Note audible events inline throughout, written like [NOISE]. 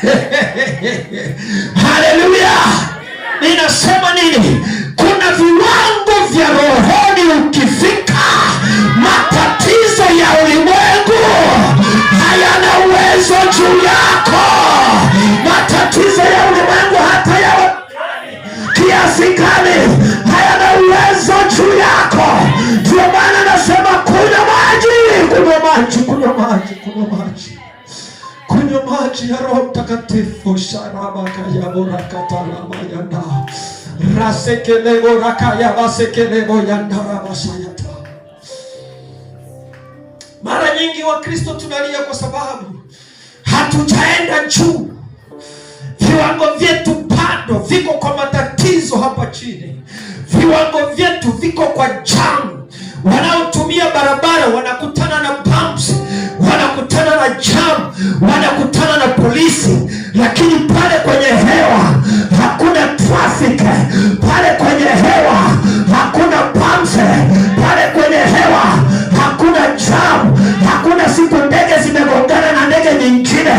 [LAUGHS] Haleluya! Ninasema nini? Kuna viwango vya rohoni ukifika, matatizo ya ulimwengu hayana uwezo juu yako. Matatizo ya ulimwengu hata ya kiasi gani hayana uwezo juu yako. Ndio maana nasema kunywa maji, kunywa maji, kunywa maji, kunywa maji kunywa maji ya Roho Mtakatifu sharabakayaborakatalamaya rasekelegorakayavasekelegoyandarabasayata. Mara nyingi Wakristo tunalia kwa sababu hatujaenda juu, viwango vyetu bado viko kwa matatizo hapa chini, viwango vyetu viko kwa jamu. Wanaotumia barabara wanakuta kama na polisi, lakini pale kwenye hewa hakuna traffic, pale kwenye hewa hakuna pamse, pale kwenye hewa hakuna jam, hakuna siku ndege zimegongana na ndege nyingine.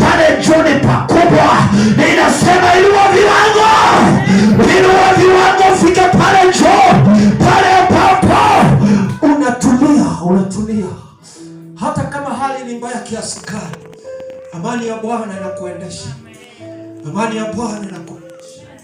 Pale juu ni pakubwa, ninasema inuwa viwango, inuwa viwango, fika pale juu, pale ambapo unatulia, unatulia hata kama hali ni mbaya kiasi gani. Amani ya Bwana inakuendesha. Amani ya Bwana inakuendesha.